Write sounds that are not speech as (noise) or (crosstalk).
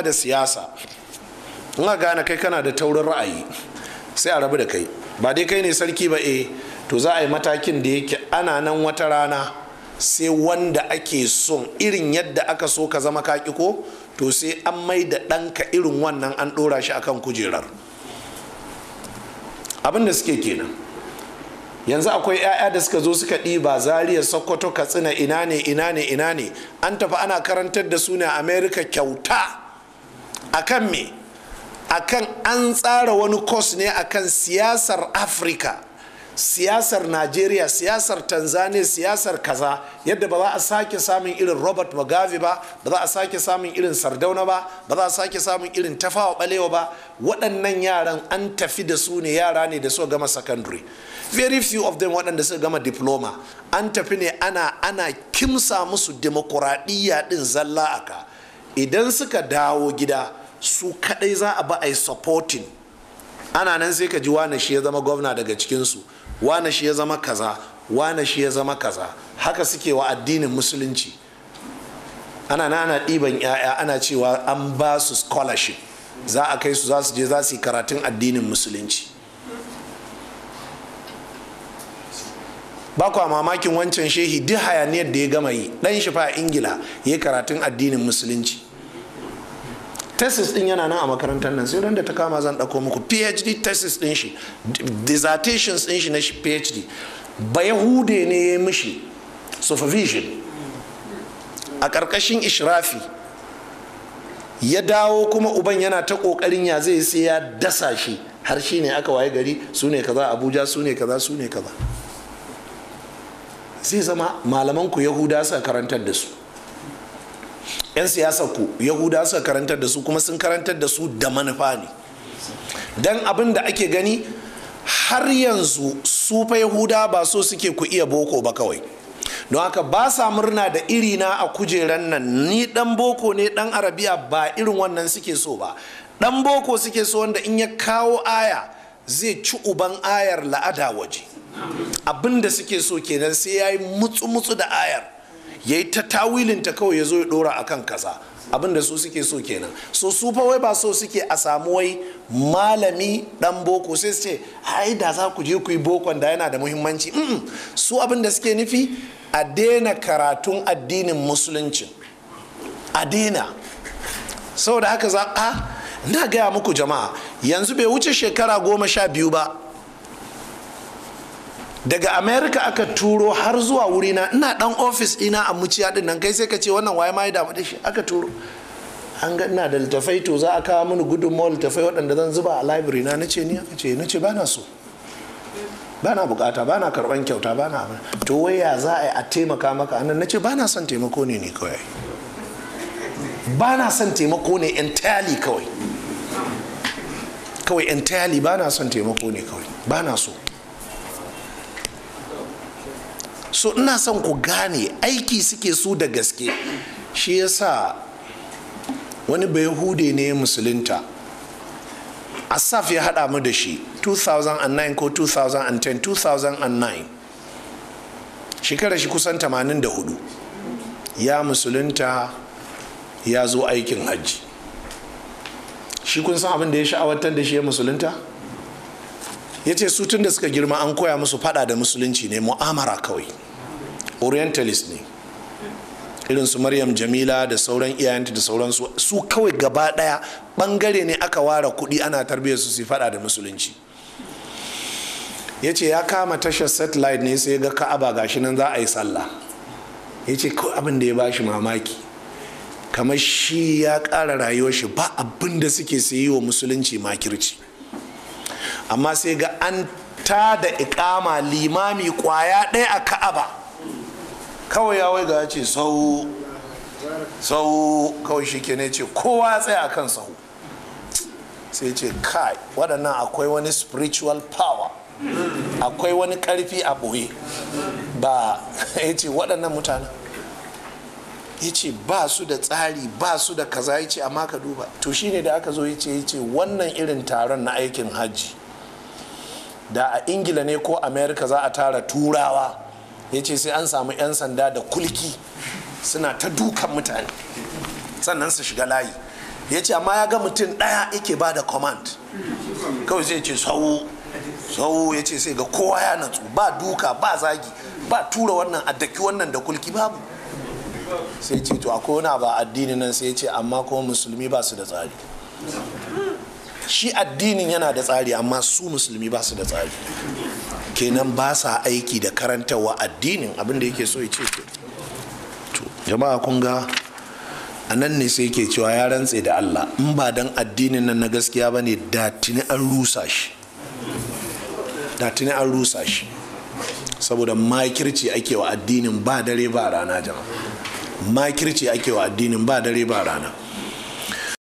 da siyasa in gane kai kana da taurin ra'ayi sai a rabu da kai ba dai kai ne sarki ba e to za a yi matakin da yake ana nan wata rana sai wanda ake son irin yadda aka so ka zama kaki ko to sai an mai da ɗanka irin wannan an ɗora shi akan kujerar abin da suke kenan yanzu akwai 'ya'ya da suka zo suka ɗiba zariya sokoto katsina ina ne ina ne ina ne an tafi ana karantar da su ne a Amerika kyauta akan me akan an tsara wani kos ne akan siyasar afirka siyasar najeriya siyasar tanzania siyasar kaza yadda ba za a sake samun irin robert mugabe ba ba za a sake samun irin sardauna ba ba za a sake samun irin tafawa balewa ba waɗannan yaran an tafi da su ne yara ne da suka gama secondary very few of them waɗanda suka gama diploma an tafi ne ana ana kimsa musu demokuraɗiyya ɗin zalla aka idan suka dawo gida su kadai za a ba a yi supporting ana nan sai ka ji wane shi ya zama gwamna daga cikinsu wane shi ya zama kaza wane shi ya zama kaza haka suke wa addinin musulunci ana nan ana ɗiban 'ya'ya ana cewa an ba su scholarship za a kai su za su je za su yi karatun addinin musulunci ba a mamakin wancan shehi duk hayaniyar da ya gama yi dan shi fa ingila ya karatun addinin musulunci tesis din yana nan a makarantar nan sai ran da ta kama zan dako muku phd tesis din shi dissertations din shi na shi phd ba yahude ne ya mishi supervision a karkashin ishrafi ya dawo kuma uban yana ta kokarin ya zai sai ya dasa shi har shi ne aka waye gari su ne kaza abuja su ne kaza su ne kaza zai zama malaman ku yahuda suka karantar da su yan siyasa ku yahuda suka karantar da su kuma sun karantar da su da manufa ne dan abin da ake gani har yanzu su fa yahuda ba so suke ku iya boko ba kawai don haka ba sa murna da irina a kujeran nan ni dan boko ne dan arabiya ba irin wannan suke so ba dan boko suke so wanda in ya kawo aya zai ci uban ayar la'ada waje abin da suke so kenan sai ya yi mutsu-mutsu da ayar ya yi ta tawilinta kawai ya zo ya dora akan kaza abin da su suke so kenan so su fa wai ba so suke a samu wai malami dan boko sai su ce ai da za ku je ku yi bokon da yana da muhimmanci su abin da suke nufi a daina karatun addinin musulunci a daina saboda haka za a na gaya muku jama'a yanzu bai wuce shekara goma sha biyu ba daga america aka turo har zuwa wurina ina dan ofis ina a muciya din nan kai sai ka ce wannan waye ma ya damu da shi aka turo an ga ina da littafai to za a kawo mini mall littafai waɗanda zan zuba a library na nace ni aka ce nace ba na so ba na bukata ba na karban kyauta ba na to wai ya za a yi a taimaka maka anan nace ba na son taimako ne ne kawai ba na son taimako ne entirely kawai kawai entirely ba na son taimako ne kawai ba na so so ina son ku gane aiki suke su da gaske shi yasa wani bayahude ne musulunta asaf ya haɗa mu da shi 2009 ko 2010 2009 shekarar shi kusan 84 ya musulunta ya zo aikin hajji shi kun san abin da ya sha'awatar da shi ya musulunta? ya ce su tun da suka girma an koya musu fada da musulunci ne mu'amara kawai orientalist ne irin su maryam jamila da sauran iyayenta da sauransu su kawai gaba daya bangare ne aka ware kudi ana tarbiyyar su su fada da musulunci ya ce ya kama tashar satellite ne sai ga ka'aba gashi nan za a yi sallah ya ce abin da ya ba shi mamaki kamar shi ya kara rayuwar shi ba abin da suke sayi wa musulunci makirci amma sai ga an ta da ikama limami kwaya ɗaya a ka'aba kawai ya wai ga ya ce sau sau kawai shi ke ne ce kowa tsaye a kan sau sai ce kai waɗannan akwai wani spiritual power akwai wani ƙarfi a ɓoye ba (laughs) ya ce waɗannan mutanen ya ce ba su da tsari ba su da kaza ya ce amma ka duba to shine da aka zo ya ce ya ce wannan irin taron na aikin hajji da a ingila ne ko Amerika za a tara turawa ya ce sai an samu 'yan sanda da kulki suna ta dukan mutane sannan su shiga layi ya ce amma ya ga mutum ɗaya yake ba da command kawai zai ce sau sau ya ce sai ga kowa ya natsu ba duka ba zagi ba tura wannan addaki wannan da kulki babu sai ce to akwai wani ba addini nan sai ya ce amma kuma musulmi ba su da tsari shi addinin yana da tsari amma su musulmi ba su da tsari kenan ba sa aiki da karantarwa addinin abinda yake so ya ce to jama'a kun ga a nan ne sai ke cewa ya rantse da Allah in ba dan addinin nan na gaskiya ba ne da tuni an rusa shi da tuni an rusa shi saboda makirci ake wa addinin ba dare ba rana jama'a makirci ake wa addinin ba dare ba rana